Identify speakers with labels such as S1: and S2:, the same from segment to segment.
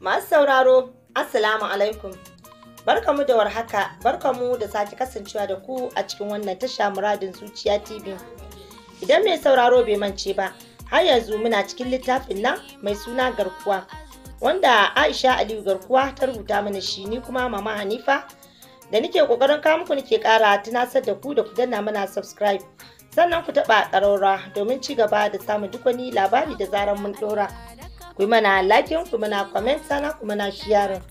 S1: Masu sauraro, Assalamu alaikum. Barkamu da warhaka, barkamu da sake kasancewa da ku a cikin wannan tasha muradin zuciya TV. Idan mai sauraro bai mance ba, har yanzu muna cikin littafin nan mai suna garkuwa. Wanda Aisha Aliyu garkuwa ta rubuta mana shi ni kuma Mama Hanifa da nike kokarin kawo muku nike kara tunasar da ku da ku danna mana subscribe. Sannan ku taɓa ƙaraura domin ci gaba da samun duk wani labari da zarar mun ɗora. ku yi mana lakin ku mana comment sana ku mana sharing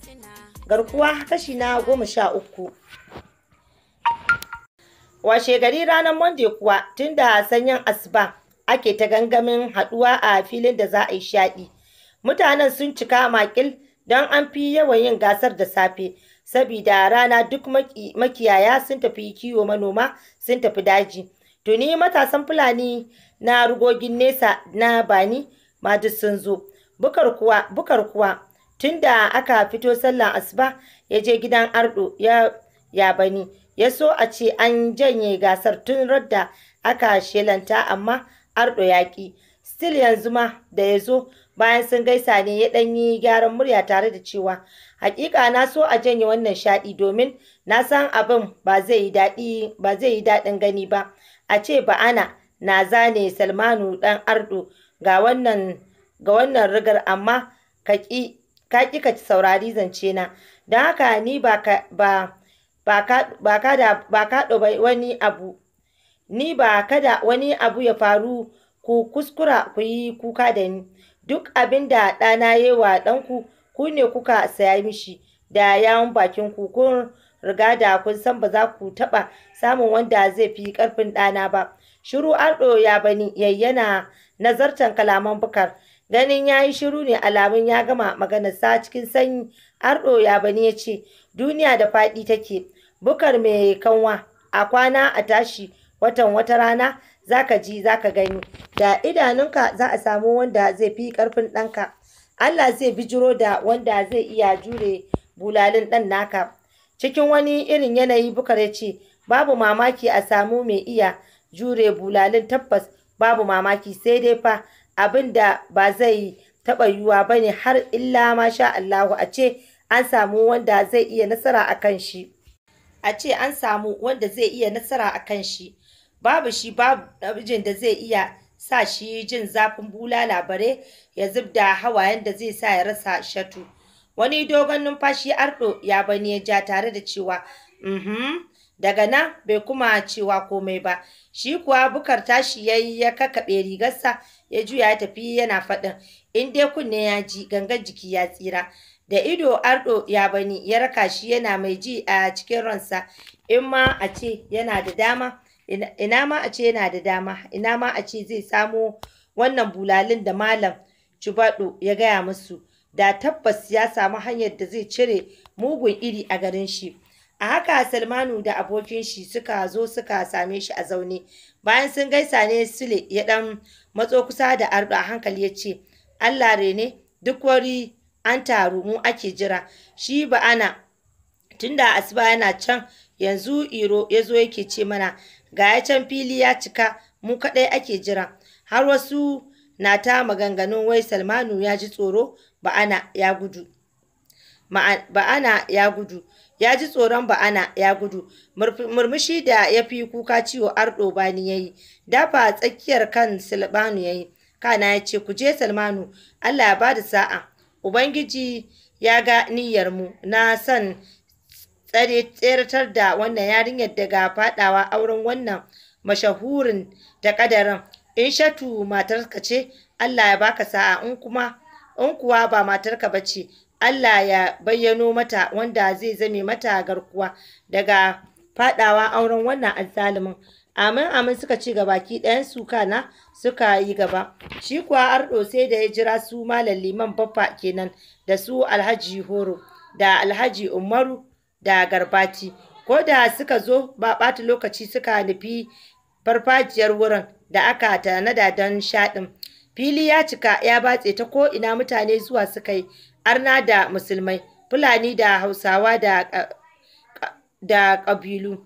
S1: garkuwa kashi na goma sha uku washe gari ranar monday kuwa tun da sanyin asuba ake ta gangamin haduwa a filin da za a yi shaɗi mutanen sun cika makil don an fi yawan yin gasar da safe sabida rana duk makiyaya sun tafi kiwo manoma sun tafi daji tuni matasan fulani na rugogin nesa na bani ma duk sun zo bukar kuwa bukar kuwa tunda aka fito sallan asuba ya je gidan ardo ya bani ya so a ce an janye gasar tun radda aka shelanta amma ardo ya ki still yanzu ma da ya zo bayan sun gaisa ne ya ɗan yi gyaran murya tare da cewa hakika na so a janye wannan shaɗi domin na san abin ba zai yi daɗin gani ba a ce ba ana na zane salmanu ɗan ardo ga wannan ga wannan rigar amma ka ƙi ka saurari zance na don haka ni ba ka wani abu ni ba kada wani abu ya faru ku kuskura ku yi kuka da ni duk abin da ɗana ya wa ɗanku ku ne kuka saya mishi da yawon bakin ku kun riga da kun san ba za ku taɓa samun wanda zai fi ƙarfin ɗana ba shiru arɗo ya bani yayyana nazartan kalaman bukar Ganin ya yi shiru ne alamun ya gama maganarsa cikin sanyi. an ya bani ya ce, Duniya da faɗi take, bukar mai kanwa, a kwana a tashi watan wata rana za ka ji za ka gani. Da idanunka za a samu wanda zai fi ƙarfin ɗanka. Allah zai bijiro da wanda zai iya jure bulalin ɗan naka. Cikin wani irin yanayi bukar ya ce, Babu mamaki a samu mai iya jure bulalin tabbas babu mamaki sai dai fa abin da ba zai taɓa yiwuwa ba ne har illa masha Allahu a ce an samu wanda zai iya nasara a kan shi. A ce an samu wanda zai iya nasara a kan shi. Babu shi babu namijin da zai iya sa shi jin zafin bulala bare ya zubda hawayen da zai sa ya rasa shatu. Wani dogon numfashi ardo ya bani ya ja tare da cewa, "Mhm." daga nan bai kuma cewa komai ba shi kuwa bukar tashi ya yi ya kakaɓe rigarsa ya juya ya tafi yana faɗin in dai kunne ya ji gangan jiki ya tsira da ido ardo ya bani ya raka shi yana mai ji a cikin ransa in ma a ce yana da dama ina ma a ce yana da dama ina ma a ce zai samo wannan bulalin da malam cubaɗo ya gaya musu da tabbas ya samu hanyar da zai cire mugun iri a garin shi a haka Salmanu da abokin shi suka zo suka same shi a zaune bayan sun gaisa ne Sule ya dan matso kusa da ardu a hankali ya ce allah rene duk wari an taru mu ake jira shi ba ana tunda asuba yana can yanzu iro ya zo yake ce mana ga ya can fili ya cika mu kaɗai ake jira har wasu na ta maganganun wai salmanu ya ji tsoro ba ana ya gudu ba'ana ya gudu ya ji tsoron ba'ana ya gudu murmushi da ya fi kuka ciwo ardo bani ya yi dafa tsakiyar kan silbanu ya yi kana ya ce ku je salmanu allah ya ba da sa'a ubangiji ya ga niyyar mu na san tsare tseratar da wannan yarinyar daga fadawa auren wannan mashahurin da kadarin in shatu matarka ce allah ya baka sa'a in kuma in kuwa ba matarka ba ce Allah ya bayyano mata wanda zai zame mata garkuwa daga faɗawa auren wannan azzalumin. Amin amin suka ci gaba ki, ɗayan su kana suka yi gaba. Shi kuwa ardo sai da ya jira su malam liman baffa kenan da su alhaji horo da alhaji umaru da garbati. Ko da suka zo ba ɓata lokaci suka nufi farfajiyar wurin da aka tanada don shaɗin. Fili ya cika ya batse ta ko ina mutane zuwa suka yi arna da musulmai fulani da hausawa da ƙabilu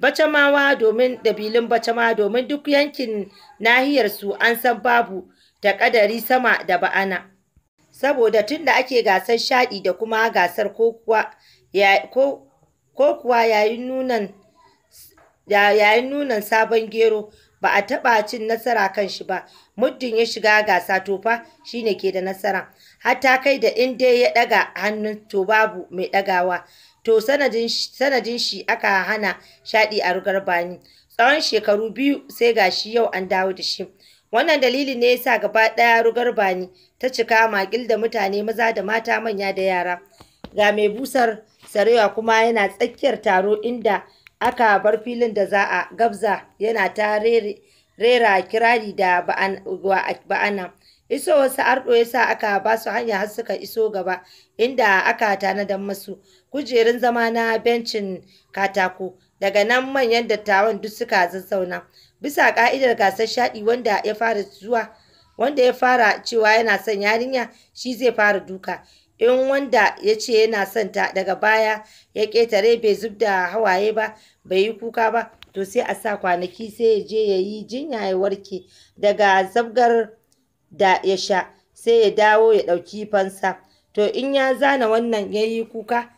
S1: bacamawa domin ɗabilun bacama domin duk yankin nahiyarsu an san babu da ƙadari sama da ba'ana saboda tun da ake gasar shaɗi da kuma gasar ko kuwa yayin nunan yayin nunan sabon gero ba a taɓa cin nasara kan shi ba muddin ya shiga gasa tofa shine ke da nasara hatta kai da in dai ya ɗaga hannun to babu mai ɗagawa to sanadin shi aka hana shaɗi a rugar bani tsawon shekaru biyu sai ga shi yau an dawo da shi wannan dalili ne yasa gaba ɗaya rugar bani ta cika makil da mutane maza da mata manya da yara ga mai busar sarewa kuma yana tsakiyar taro inda aka bar filin da za a gabza yana ta rera kirari da ba'ana iso wasu arɗo ya sa aka ba su hanya har suka iso gaba inda aka tanadan masu kujerun zama na bencin katako daga nan manyan dattawan duk suka zazzauna bisa ka'idar gasar shaɗi wanda ya fara zuwa wanda ya fara cewa yana son yarinya shi zai fara duka in wanda ya ce yana son ta daga baya ya ƙetare bai zub da hawaye ba bai yi kuka ba to sai a sa kwanaki sai ya je ya yi jinya ya warke daga zabgar da ya sha sai ya dawo ya ɗauki fansa to in ya zana wannan ya yi kuka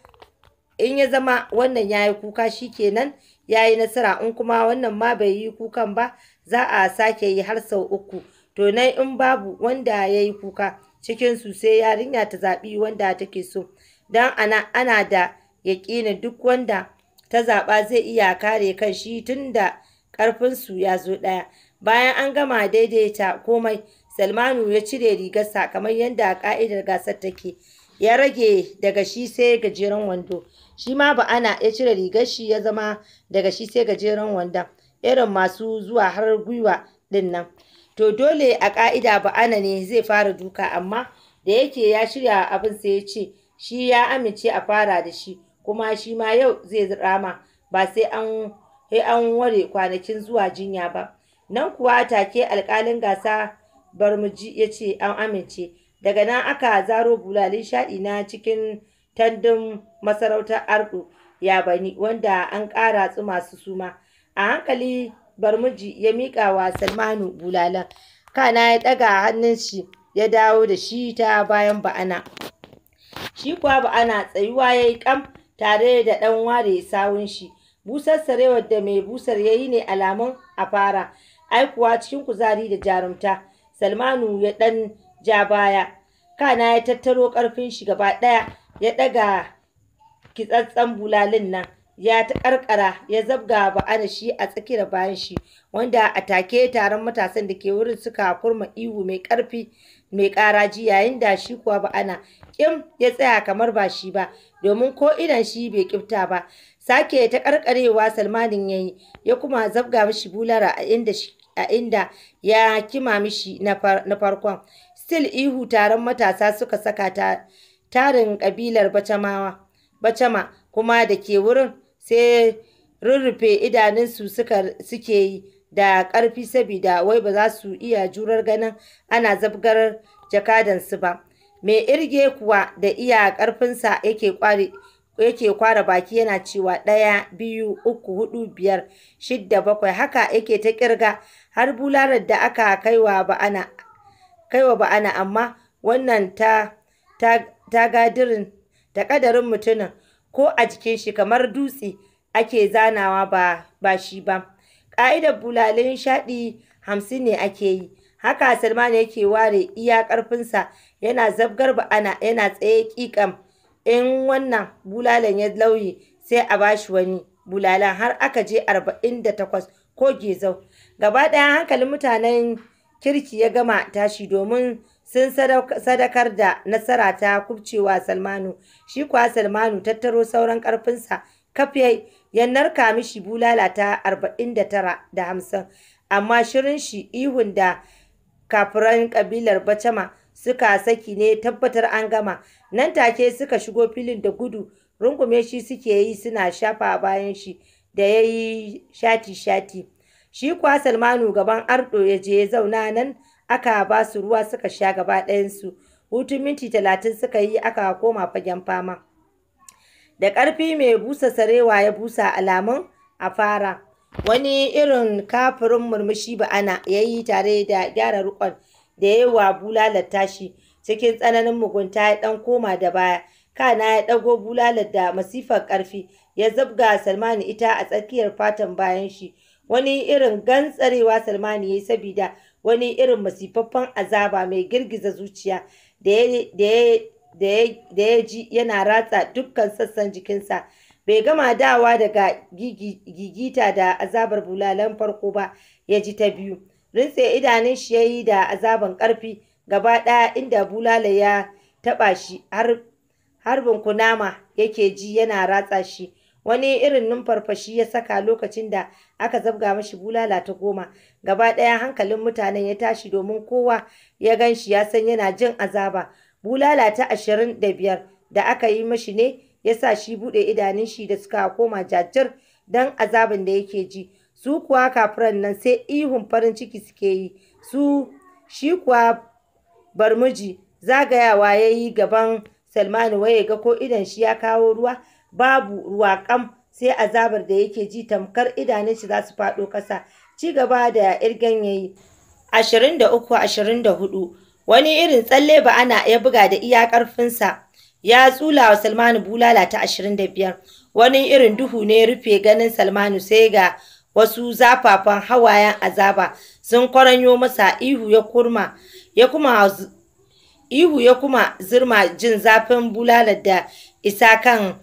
S1: in ya zama wannan ya yi kuka shikenan ya yi nasara in kuma wannan ma bai yi kukan ba za a sake yi har sau uku to nan in babu wanda ya yi kuka cikinsu sai yarinya ta zaɓi wanda take so don ana, ana da yaƙinin duk wanda ta zaɓa zai iya kare kan shi tun da ƙarfinsu ya zo ɗaya bayan an gama daidaita komai Salmanu ya cire rigarsa kamar yadda ka'idar gasar take. Ya rage daga shi sai gajeren wando. Shi ma ba ana ya cire rigar shi ya zama daga shi sai gajeren wandon. Irin masu zuwa har gwiwa din nan. To dole a ka'ida ba ana ne zai fara duka amma da yake ya shirya abin sai ya ce shi ya amince a fara da shi kuma shi ma yau zai rama ba sai an an ware kwanakin zuwa jinya ba. Nan kuwa take alƙalin gasa Barmuji ya ce an amince daga nan aka zaro bulalin shaɗi na cikin tandun masarautar Ardu ya bani wanda an ƙara su masu suma a hankali barmuji ya miƙa wa salmanu bulalan kana ya ɗaga hannun shi ya dawo da shi ta bayan ba'ana shi kuwa ba'ana tsayuwa ya yi ƙam tare da ɗan ware sawun shi busar sarewar da mai busar ya yi ne alamun a fara aikuwa cikin kuzari da jarumta Salmanu ya ɗan ja baya. Kana ya tattaro ƙarfin shi gaba ɗaya ya ɗaga kitsatsen bulalin nan ya ta ƙarƙara ya zabga ba'ana shi a tsakiyar bayan shi wanda a take taron matasan da ke wurin suka kurma ihu mai ƙarfi mai ƙaraji yayin da shi kuwa ba'ana ƙim ya tsaya kamar ba shi ba domin ko idan shi bai ƙifta ba sake ta ƙarƙarewa salmanin ya ya kuma zabga mishi bulara a inda shi a inda ya kima mishi na farkon. Still ihu taron matasa suka saka ta tarin kabilar Bacamawa, Bacama kuma da ke wurin sai rurrufe idanunsu suke yi da karfi saboda wai ba za su iya jurar ganin ana zabgar jakadansu ba. Mai irge kuwa da iya ƙarfinsa yake kware yake kwara baki yana cewa ɗaya biyu uku hudu biyar shidda bakwai haka yake ta kirga har bulalar da aka kaiwa ba'ana amma wannan ta da kadarin mutumin ko a jikin shi kamar dutse ake zanawa ba ba shi ba ƙa'idar bulalin shaɗi hamsin ne ake yi haka salman yake ware iya ƙarfinsa yana zabgar ba'ana yana tsaye ƙiƙam in wannan bulalan ya lauye sai a bashi wani bulalan har aka je arba'in da takwas ko gezau gaba ɗaya hankalin mutanen kirki ya gama tashi domin sun sadakar da nasara ta kubcewa salmanu shi kuwa salmanu tattaro sauran karfinsa kafiyai ya narka mishi bulala ta arba'in da tara da hamsin amma shirin shi ihun da kafiran ƙabilar bacama suka saki ne tabbatar an gama nan take suka shigo filin da gudu rungume shi suke yi suna shafa bayan shi da ya yi shati-shati. Shi kuwa Salmanu gaban Ardo ya je zauna nan aka ba su ruwa suka sha gaba ɗayansu. Hutun minti talatin suka yi aka koma fagen fama. Da ƙarfi mai busa sarewa ya busa alamun a fara. Wani irin kafirin murmushi ba'ana ya yi tare da gyara rukon da ya yi wa bulalar tashi cikin tsananin mugunta ya ɗan koma da baya. Kana ya ɗago bulalar da masifar ƙarfi ya zabga Salmani ita a tsakiyar fatan bayan shi. Wani irin gantsarewa Salmani ya yi sabida wani irin masifaffen azaba mai girgiza zuciya da ya ji yana ratsa dukkan sassan jikinsa. Bai gama dawa daga gigita da azabar bulalan farko ba ya ji ta biyu. Rintse idanun shi ya yi da azaban ƙarfi gaba ɗaya inda bulala ya taɓa shi har harbin kunama yake ji yana ratsa shi wani irin numfarfashi ya saka lokacin da aka zabga mashi bulala ta goma gaba ɗaya hankalin mutanen ya tashi domin kowa ya gan shi ya san yana jin azaba bulala ta ashirin da biyar da aka yi mashi ne ya sa shi buɗe idanun shi da suka koma jajir don azabin da yake ji su kuwa kafiran nan sai ihun farin ciki suke yi su shi kuwa barmiji zagayawa ya yi gaban Salmanu waye ga ko idan shi ya kawo ruwa babu ruwa kam sai azabar da yake ji tamkar idanun shi za su faɗo ƙasa ci gaba da irgen yayi 23 24 wani irin tsalle ba ana ya buga da iya ƙarfinsa ya tsula wa Salmanu bulala ta 25 wani irin duhu ne rufe ganin Salmanu sai ga wasu zafafan hawayen azaba sun kwaranyo masa ihu ya kurma ya kuma ihu ya kuma zirma jin zafin bulalar da isa kan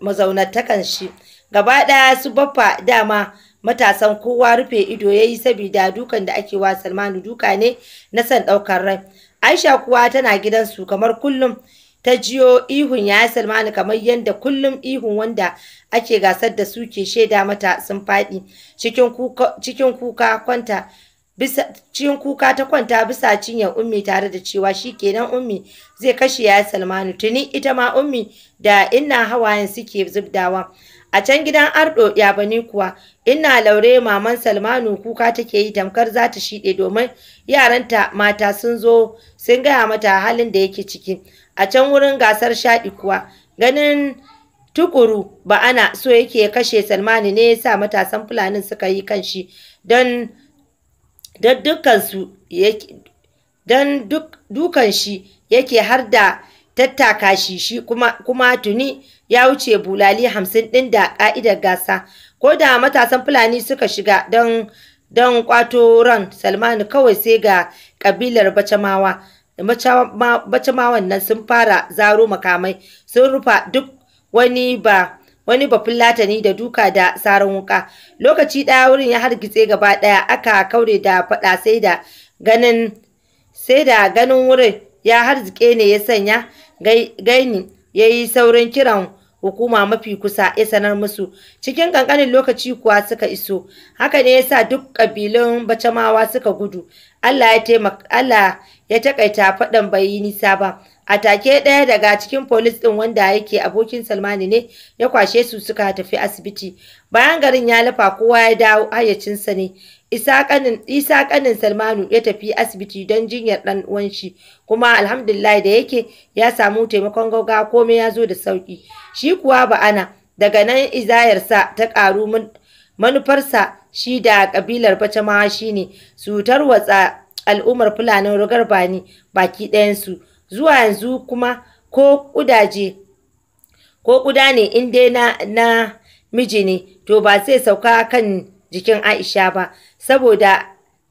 S1: mazaunatakan shi gaba ɗaya su baffa dama matasan kowa rufe ido ya yi sabida dukan da ake wa salmanu duka ne na san ɗaukar rai aisha kuwa tana gidansu kamar kullum ta jiyo ihun ya yi salmanu kamar yadda kullum ihun wanda ake gasar da su ke shaida mata sun faɗi cikin kuka kwanta bisa cin kuka ta kwanta bisa cinyar ummi tare da cewa shi kenan ummi zai kashe ya salmanu tuni ita ma ummi da inna hawayen suke zubdawa a can gidan ardo ya bani kuwa inna laure maman salmanu kuka take yi tamkar za ta shiɗe domin yaranta mata sun zo sun gaya mata halin da yake ciki a can wurin gasar shaɗi kuwa ganin tukuru ba ana so yake kashe salmanu ne ya sa matasan fulanin suka yi kan shi don don dukan shi yake har da tattaka shi, shi kuma tuni ya wuce bulali hamsin ɗin da ƙa'idar gasa. Ko da matasan Fulani suka shiga don ƙwato ran Salmanu kawai sai ga kabilar Bacamawa. Bacamawan nan sun fara zaro makamai sun rufa duk wani ba wani latani da duka da saran wuka lokaci ɗaya wurin ya hargitse gaba ɗaya aka kaure da faɗa sai da ganin sai da ganin wurin ya harzike ne ya sanya gaini ya yi saurin kiran hukuma mafi kusa ya sanar musu cikin kankanin lokaci kuwa suka iso haka ne yasa duk kabilun bacamawa suka gudu Allah ya taƙaita faɗan bai yi nisa ba a take ɗaya daga cikin polis ɗin wanda yake abokin salmani ne ya kwashe su suka tafi asibiti bayan garin ya lafa kowa ya dawo hayyacinsa ne isa kanin salmanu ya tafi asibiti don jinyar ɗan uwan shi kuma alhamdulillah da yake ya samu taimakon gauga komai ya zo da sauki shi kuwa ba ana daga nan Izayar sa ta ƙaru manufarsa shi da ƙabilar shi shine su tarwatsa al'ummar fulanin rugarbani baki ɗayansu zuwa yanzu kuma ko ƙudaje ko ƙuda ne in dai na, na miji ne to ba zai sauka kan jikin Aisha ba saboda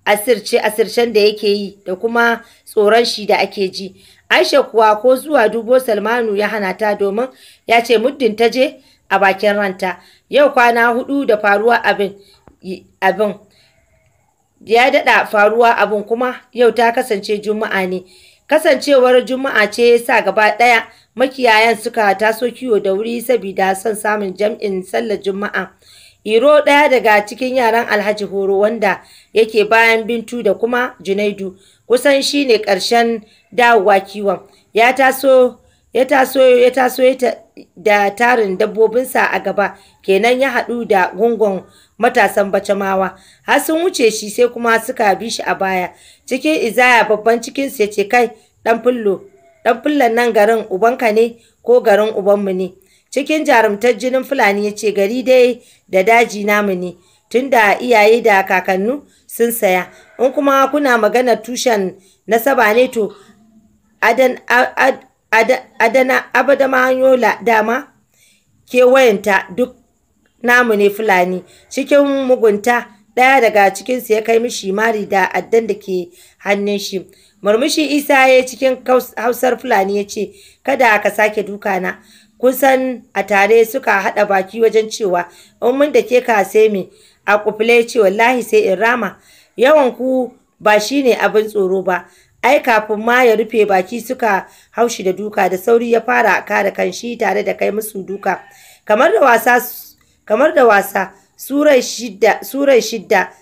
S1: asirce asircen da yake yi da kuma tsoron shi da ake ji Aisha kuwa ko zuwa dubo Salmanu ya hana ta domin ya ce muddin ta je a bakin ranta yau kwana hudu da faruwa abin abin ya daɗa faruwa abin kuma yau ta kasance juma'a ne Kasancewar Juma'a ce ya sa gaba ɗaya makiyayan suka taso kiwo da wuri saboda son samun jam'in sallar Juma'a. Iro ɗaya daga cikin yaran Alhaji Horo wanda yake bayan Bintu da kuma Junaidu kusan shine ne ƙarshen dawowa kiwon. Ya taso ya taso ya taso da tarin dabbobinsa a gaba kenan ya haɗu da gungun matasan bacamawa har sun wuce shi sai kuma suka bi shi a baya cikin izaya babban cikinsu ya ce kai ɗan fullo ɗan fullon nan garin ubanka ne ko garin ubanmu ne cikin jarumtar jinin fulani ya ce gari dai da daji namu ne tunda iyaye da kakannu sun saya in kuma kuna maganar tushen nasaba ne to adana abadama hanyola dama kewayenta duk namu ne fulani cikin mugunta ɗaya daga cikinsu ya kai mishi mari da addan da ke hannun shi murmushi isa ya cikin hausar fulani ya ce kada ka sake dukana kusan a tare suka haɗa baki wajen cewa in mun da ke ka sai me a kufule ce wallahi sai in rama yawan ku ba shine abin tsoro ba ai kafin ma ya rufe baki suka haushi da duka da sauri ya fara kare kanshi tare da kai musu duka kamar da wasa kamar da wasa surai shidda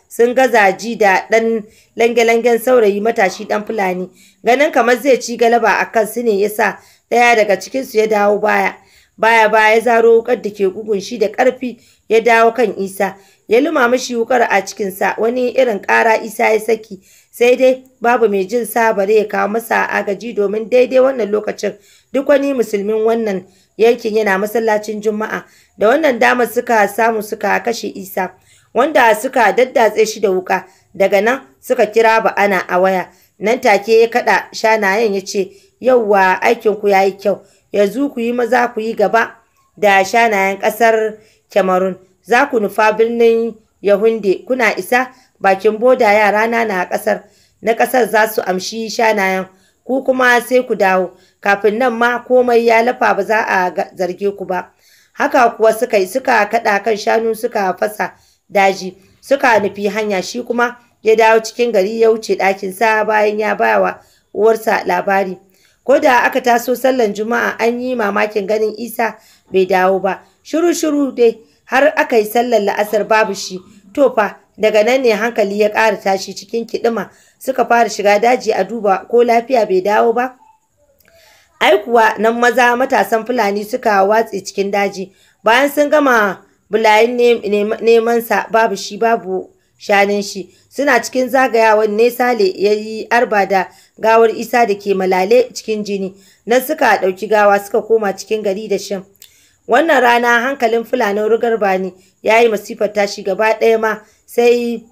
S1: sun gaza ji da ɗan langelangen saurayi matashi ɗan fulani ganin kamar zai ci galaba a kan su ne sa ɗaya daga cikinsu ya dawo baya baya baya ya zaro wukar da ke gugun shi da ƙarfi ya dawo kan isa ya luma mashi wukar a cikinsa wani irin ƙara isa ya saki sai dai babu mai jin sa bare ya kawo masa agaji domin daidai wannan lokacin duk wani musulmin wannan yankin yana masallacin juma'a da wannan damar suka samu suka kashe isa wanda suka daddatse shi da wuka daga nan suka kira ba'ana a waya nan take ya kada shanayen ya ce yauwa aikinku ya yi kyau yanzu ku yi maza ku yi gaba da shanayen ƙasar cameroon za ku nufa birnin yahunde kuna isa bakin boda yarana na kasar na ƙasar za su amshi shanayen ku kuma sai ku dawo kafin nan ma komai ya lafa ba za a zarge ku ba haka kuwa suka yi suka kaɗa kan shanu suka fasa daji suka nufi hanya shi kuma ya dawo cikin gari ya wuce sa bayan ya bawa uwarsa labari ko da aka taso sallan juma'a an yi mamakin ganin isa bai dawo ba shiru shiru dai har aka yi sallar la'asar babu shi to fa daga nan ne hankali ya ƙara tashi cikin kiɗima suka fara shiga daji a duba ko lafiya bai dawo ba ai kuwa nan maza matasan fulani suka watse cikin daji bayan sun gama bulayin neman sa babu shi babu shanin shi suna cikin zagayawa ne sale ya yi arba da gawar isa da ke malale cikin jini nan suka ɗauki gawa suka koma cikin gari da shan wannan rana hankalin fulanin rugar ne ya yi masifar tashi gaba ɗaya ma sai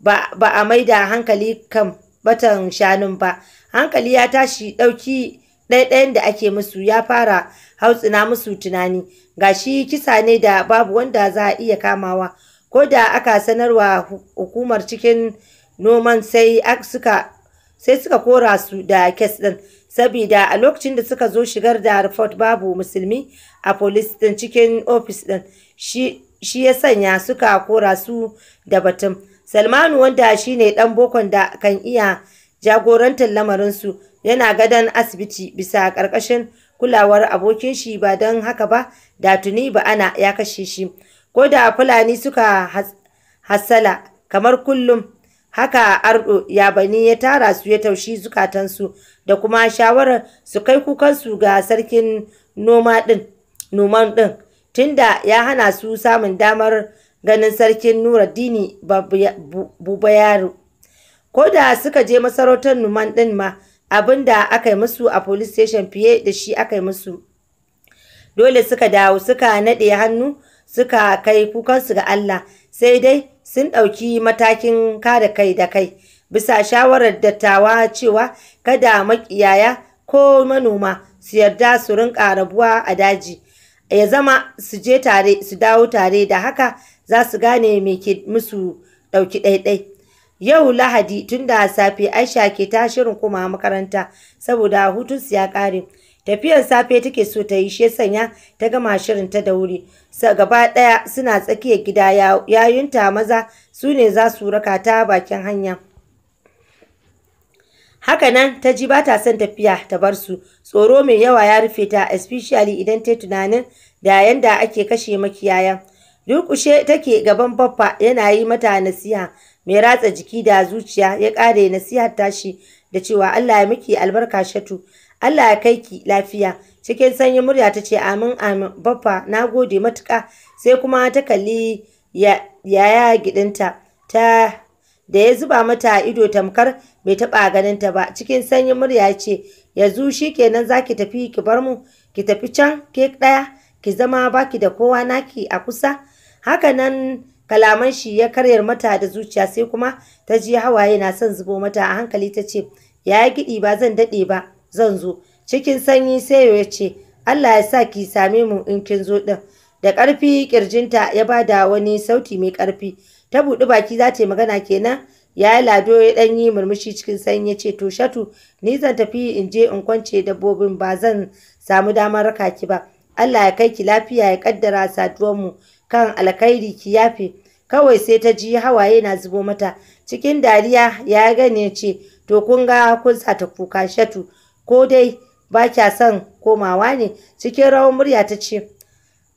S1: ba, ba a maida hankali kan batan shanun ba hankali ya tashi ɗauki ɗaiɗayan da ake musu ya fara hautsina musu tunani ga shi kisa ne da babu wanda za a iya kamawa ko da aka sanarwa hukumar cikin noman sai suka sai suka kora su da kes ɗin sabida a lokacin da suka zo shigar da report babu musulmi a police ɗin cikin ofis ɗin shi shi ya sanya suka kora su da batun salmanu wanda shine ɗan bokon da kan iya jagorantar lamarinsu yana gadon asibiti bisa ƙarƙashin kulawar abokin shi ba don haka ba da tuni ba ana ya kashe shi ko da fulani suka hasala, kamar kullum haka ardo ya bani ya tara su ya taushi zukatansu da kuma shawarar su kai kukansu ga sarkin noma ɗin. noman ɗin. tunda ya hana su samun damar ganin sarkin buba Bubayaru. Ko da suka je masarautar Numan ɗin ma abin da aka yi musu a police station fiye da shi aka yi musu. Dole suka dawo suka naɗe hannu suka kai kukansu ga Allah sai dai sun ɗauki matakin kada kai da kai bisa shawarar dattawa cewa kada makiyaya ko manoma su yarda su rinƙa rabuwa a daji. ya zama su je tare su dawo tare da haka za su gane me ke musu ɗauki ɗaiɗai yau lahadi tun da safe aisha ke ta shirin kuma makaranta saboda su ya ƙare tafiyar safe take so ta yi she sanya ta gama shirin ta da wuri gaba ɗaya suna tsakiyar gida yayunta maza su ne za su raka ta bakin hanya haka nan ta ji bata son tafiya ta bar su tsoro mai yawa ya rufe ta especially idan ta tunanin da yanda ake kashe makiyayan durkushe take gaban baffa yana yi mata nasiha mai ratsa jiki da zuciya ya ƙare nasihar tashi da cewa Allah ya miki albarka shatu Allah ya kai ki lafiya cikin sanyin murya ta ce amin amin baffa na gode matuƙa sai kuma ta kalli yaya gidinta ta da ya zuba mata ido tamkar bai taɓa ganin ta ba cikin sanyin murya ce yanzu shi kenan za ki tafi ki bar mu ki tafi can ke ɗaya ki zama baki da kowa naki a kusa Haka nan, kalaman shi ya karyar mata da zuciya sai kuma ta ji hawaye na son zubo mata a hankali ta ce ya giɗi ba zan daɗe ba zan zo cikin sanyi sai ya ce Allah ya sa ki same mu in kin zo ɗin da ƙarfi ƙirjinta ya bada wani sauti mai ƙarfi ta buɗi baki za ta yi magana kenan ya yi lado ya ɗan yi murmushi cikin sanyi ya ce to shatu ni zan tafi in je in kwance dabbobin ba zan samu damar raka ki ba Allah ya kai ki lafiya ya kaddara saduwanmu kan alkhairi ki yafe kawai sai ta ji hawaye na zubo mata cikin dariya ya gane ce to kun ga kun sa ta kuka shatu ko dai ba kya son komawa ne cikin rawar murya ta ce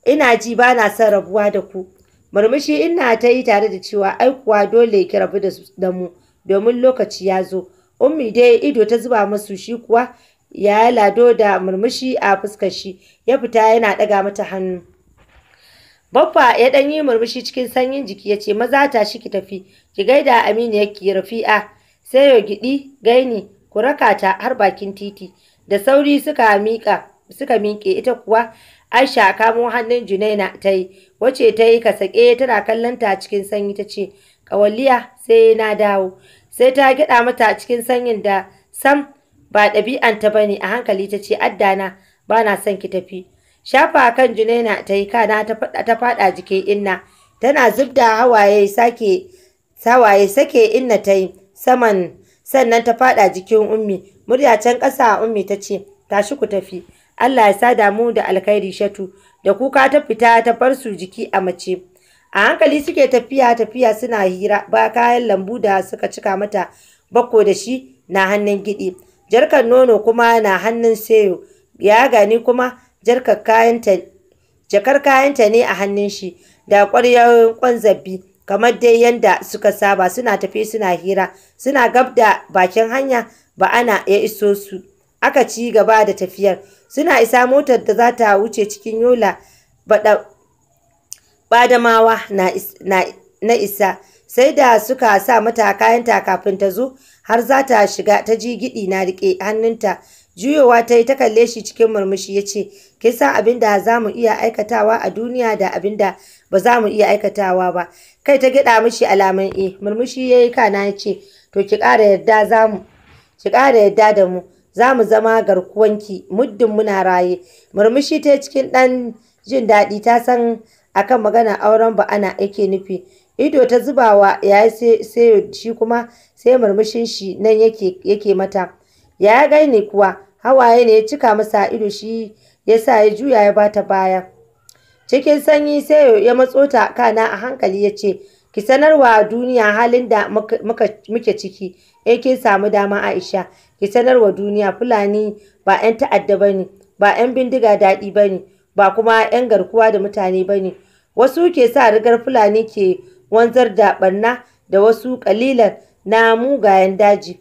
S1: ina ji ba na son rabuwa da ku Murmushi ina ta yi tare da cewa aikuwa dole ki rabu da mu domin lokaci ya zo. Ummi dai ido ta zuba masu shi kuwa ya lado da murmushi a fuskar shi ya fita yana ɗaga mata hannu. Baffa ya ɗan yi murmushi cikin sanyin jiki ya ce maza ta shi ki tafi ki gaida Aminu ki Rafi'a sai yo gidi gaini ku rakata har bakin titi da sauri suka mika suka miƙe ita kuwa Aisha kamo hannun Junaina ta yi, wace ta yi kasake tana kallon ta cikin sanyi ta ce, Kawalliya sai na dawo. Sai ta gyaɗa mata cikin sanyin da sam ba ɗabi'anta ba ne a hankali ta ce, Addana ba na son ki tafi. Shafa kan Junaina ta yi kana ta faɗa jike inna. Tana zubda hawaye sake hawaye sake inna ta yi saman sannan ta faɗa jikin ummi. Murya can ƙasa ummi ta ce, Tashi ku tafi. Allah ya sada mu da alkhairi shatu da kuka ta fita ta farsu jiki a mace a hankali suke tafiya tafiya suna hira ba kayan lambu da suka cika mata bako da shi na hannun gidi jarkar nono kuma na hannun sayo ya gani kuma jarkar ta jakar kayanta ne a hannun shi da ƙwaryar kwanzabi kamar dai yanda suka saba suna tafi suna hira suna gab da bakin hanya ba ana ya iso su aka ci gaba da tafiyar suna isa motar da za ta wuce cikin yola badamawa na isa sai da suka sa mata kayanta kafin ta zo har za ta shiga ta ji gidi na rike hannunta juyowa ta yi ta kalle shi cikin murmushi ya ce kin san abin da za mu iya aikatawa a duniya da abin da ba za mu iya aikatawa ba kai ta gida mishi alaman e eh. murmushi ya yi kana ya ce to ki ƙara yarda ki ƙara yarda da mu za mu zama garkuwanki muddin muna raye murmushi ta cikin ɗan jin daɗi ta san akan magana auren ba ana yake nufi ido ta zubawa yi sai shi kuma sai murmushin shi nan yake mata ya gaine kuwa hawaye ne ya cika masa ido shi yasa ya juya ya bata baya cikin sanyi sai ya matsota ta kana a hankali ya ce ki sanarwa duniya halin da muke ciki in kin samu dama Aisha ki sanarwa duniya Fulani ba 'yan ta'adda ba ne, ba 'yan bindiga daɗi ba ne, ba kuma 'yan garkuwa da mutane ba ne. wasu ke sa rigar Fulani ke wanzar da barna da wasu kalilan na mugayen daji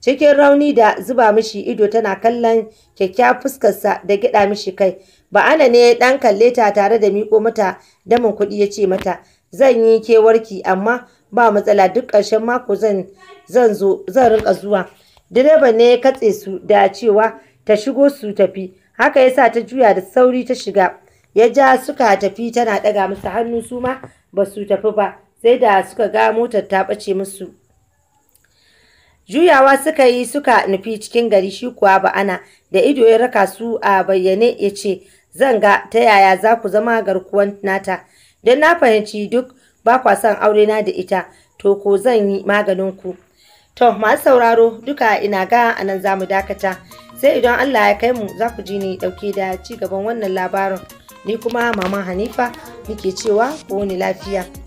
S1: cikin rauni da zuba mishi ido tana kallon kyakkya fuskarsa da gida mishi kai ba ana ne ɗan kalle ta tare da miko mata damin kuɗi ya ce mata zan yi kewarki amma ba matsala duk ƙarshen mako zan zan zo zan rinka zuwa direba ne ya katse su da cewa ta shigo su tafi haka yasa ta juya da sauri ta shiga ya ja suka tafi tana ɗaga musu hannu su ma ba su tafi ba sai da suka ga motar ta ɓace musu juyawa suka yi suka nufi cikin gari shi kuwa ba ana da ido ya raka su a bayyane ya ce zan ga ta yaya za ku zama garkuwan nata don na fahimci duk ba kwa son aure na da ita to ko zan yi maganin ku to masu sauraro duka ina ga anan za mu dakata sai idan Allah ya kai mu za ku ji ni dauke da ci gaban wannan labarin ni kuma Mama Hanifa nake cewa ko ni lafiya